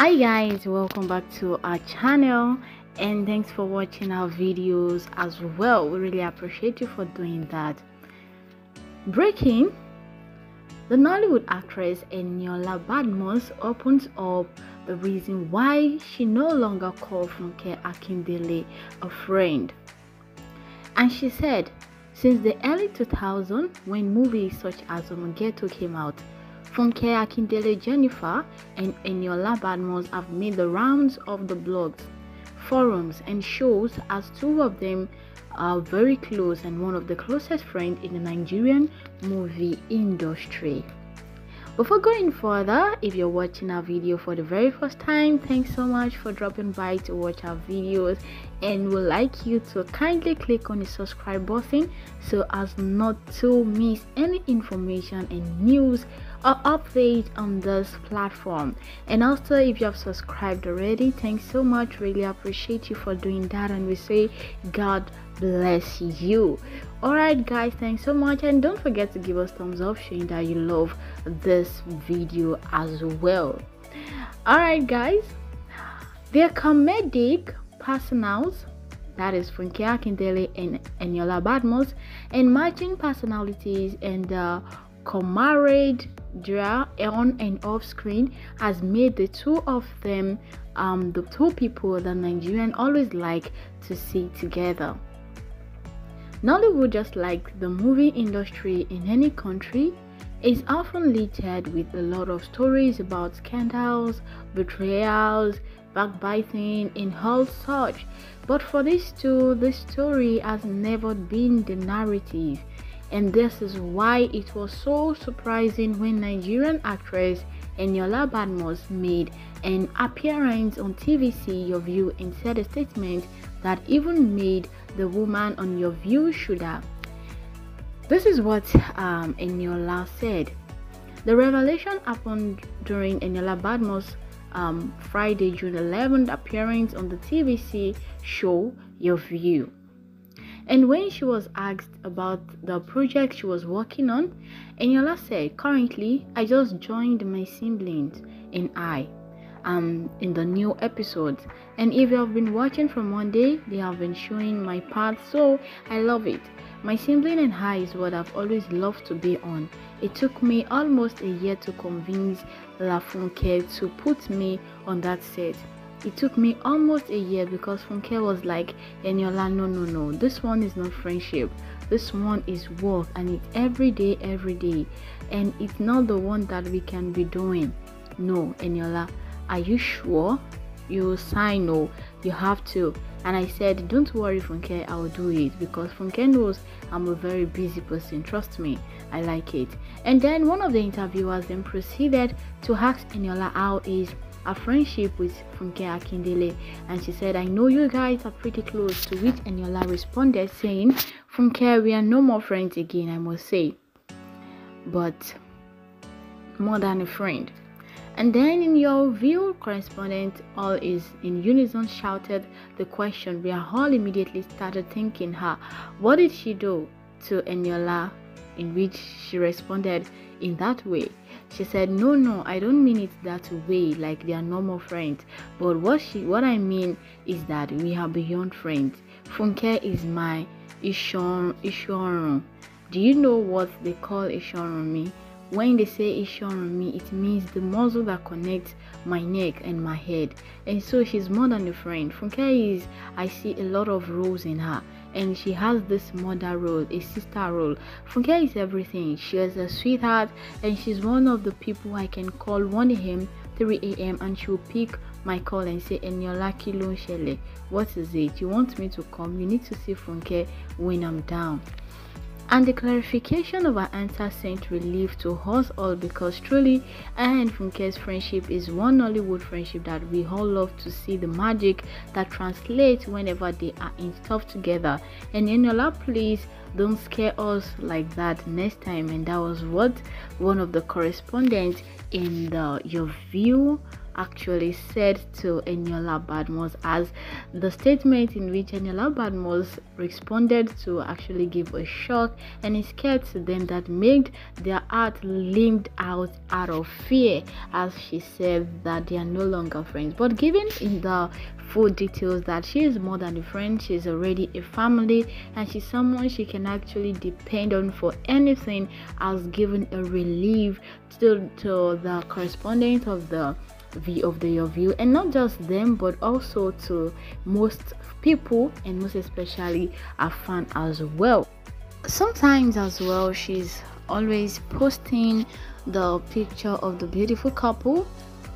hi guys welcome back to our channel and thanks for watching our videos as well we really appreciate you for doing that breaking the nollywood actress eniola badmus opens up the reason why she no longer called funke akindele a friend and she said since the early 2000s when movies such as Ghetto* came out Funke Kindele, Jennifer and Eniola Badmos have made the rounds of the blogs, forums, and shows as two of them are very close and one of the closest friends in the Nigerian movie industry. Before going further, if you're watching our video for the very first time, thanks so much for dropping by to watch our videos and we would like you to kindly click on the subscribe button so as not to miss any information and news or update on this platform and also if you have subscribed already thanks so much really appreciate you for doing that and we say god bless you alright guys thanks so much and don't forget to give us thumbs up showing that you love this video as well alright guys their comedic personals that is Funke Akindele and Eniola Badmos and matching personalities and the comrade Dra on and off screen has made the two of them um, the two people that Nigerians always like to see together. Nollywood, just like the movie industry in any country, is often littered with a lot of stories about scandals, betrayals, backbiting, and all such. But for these two, this story has never been the narrative. And this is why it was so surprising when Nigerian actress Eniola Badmos made an appearance on TVC Your View and said a statement that even made the woman on your view have. This is what um, Eniola said. The revelation happened during Eniola Badmos' um, Friday, June 11th appearance on the TVC show Your View. And when she was asked about the project she was working on, Eniola said, Currently, I just joined my siblings and I um, in the new episodes. And if you have been watching from Monday, they have been showing my path, so I love it. My sibling and I is what I've always loved to be on. It took me almost a year to convince Funke to put me on that set. It took me almost a year because Funke was like, Eniola, no, no, no, this one is not friendship. This one is work and it's every day, every day. And it's not the one that we can be doing. No, Eniola, are you sure? You sign no, you have to. And I said, Don't worry, Funke, I'll do it because Funke knows I'm a very busy person. Trust me, I like it. And then one of the interviewers then proceeded to ask Eniola how is a friendship with Funke Akindele, and she said, I know you guys are pretty close, to which Eniola responded, saying, Funke, we are no more friends again, I must say, but more than a friend. And then in your view correspondent, all is in unison shouted the question. We all immediately started thinking her, what did she do to Eniola? In which she responded in that way. She said, No, no, I don't mean it that way, like they are normal friends. But what she what I mean is that we are beyond friends. Funke is my Ishon Ishorun. Do you know what they call Ishorun me? When they say Ishon on me, it means the muscle that connects my neck and my head. And so she's more than a friend. Funke is, I see a lot of roles in her and she has this mother role, a sister role. Funke is everything. She is a sweetheart, and she's one of the people I can call 1 a.m., 3 a.m., and she'll pick my call and say, And you're lucky, shelly What is it? You want me to come? You need to see Funke when I'm down. And the clarification of her answer sent relief to us all because truly, I and Funke's friendship is one Hollywood friendship that we all love to see the magic that translates whenever they are in stuff together. And Enola, please don't scare us like that next time. And that was what one of the correspondents in the Your View actually said to Eniola Badmos, as the statement in which Eniola Badmos responded to actually give a shock and is scared to them that made their heart limped out out of fear, as she said that they are no longer friends. But given in the full details that she is more than a friend, she's already a family, and she's someone she can actually depend on for anything, as given a relief to, to the correspondent of the view of the, your view and not just them but also to most people and most especially our fan as well sometimes as well she's always posting the picture of the beautiful couple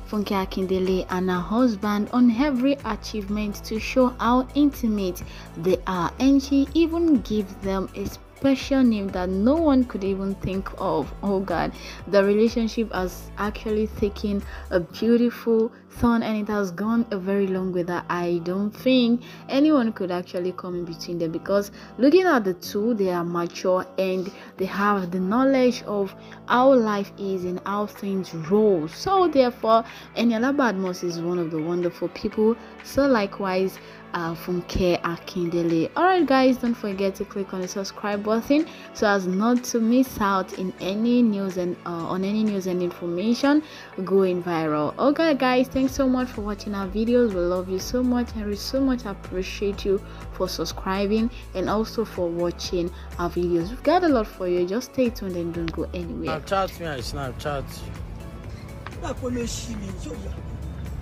Funke Akindele and her husband on every achievement to show how intimate they are and she even gives them a special name that no one could even think of. Oh God, the relationship has actually taken a beautiful fun and it has gone a very long way that I don't think anyone could actually come in between them because looking at the two, they are mature and they have the knowledge of how life is and how things roll. So therefore, Eniola Badmos is one of the wonderful people. So likewise, uh, from Care Akindele. Alright, guys, don't forget to click on the subscribe button so as not to miss out in any news and uh, on any news and information going viral. Okay, guys, thank thanks so much for watching our videos we love you so much and we so much appreciate you for subscribing and also for watching our videos we've got a lot for you just stay tuned and don't go anywhere snapchat me i snapchat you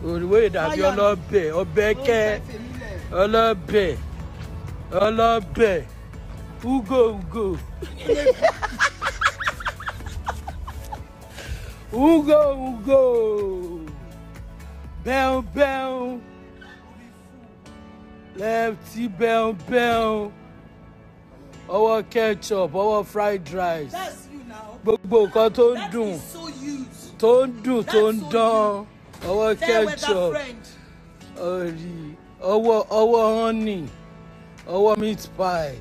òrìwé ìdàbí ọlọ́bẹ̀ ọbẹ̀kẹ́ ọlọ́bẹ̀ ọlọ́bẹ̀ ugo ugo ugo ugo. Bell bell, lefty bell bell. ọwọ́ ketchup ọwọ́ fried rice gbogbo nǹkan tó ń dùn tó ń dùn tó ń dán ọwọ́ ketchup orí ọwọ́ ọwọ́ honey ọwọ́ meat pie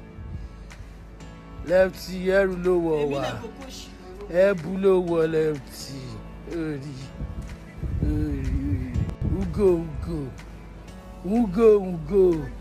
Lefty, ẹrù ló wọ̀ wá ẹ̀bù ló wọ̀ lẹ́ẹ̀tì orí orí. Ugo, Ugo. Ugo, Ugo.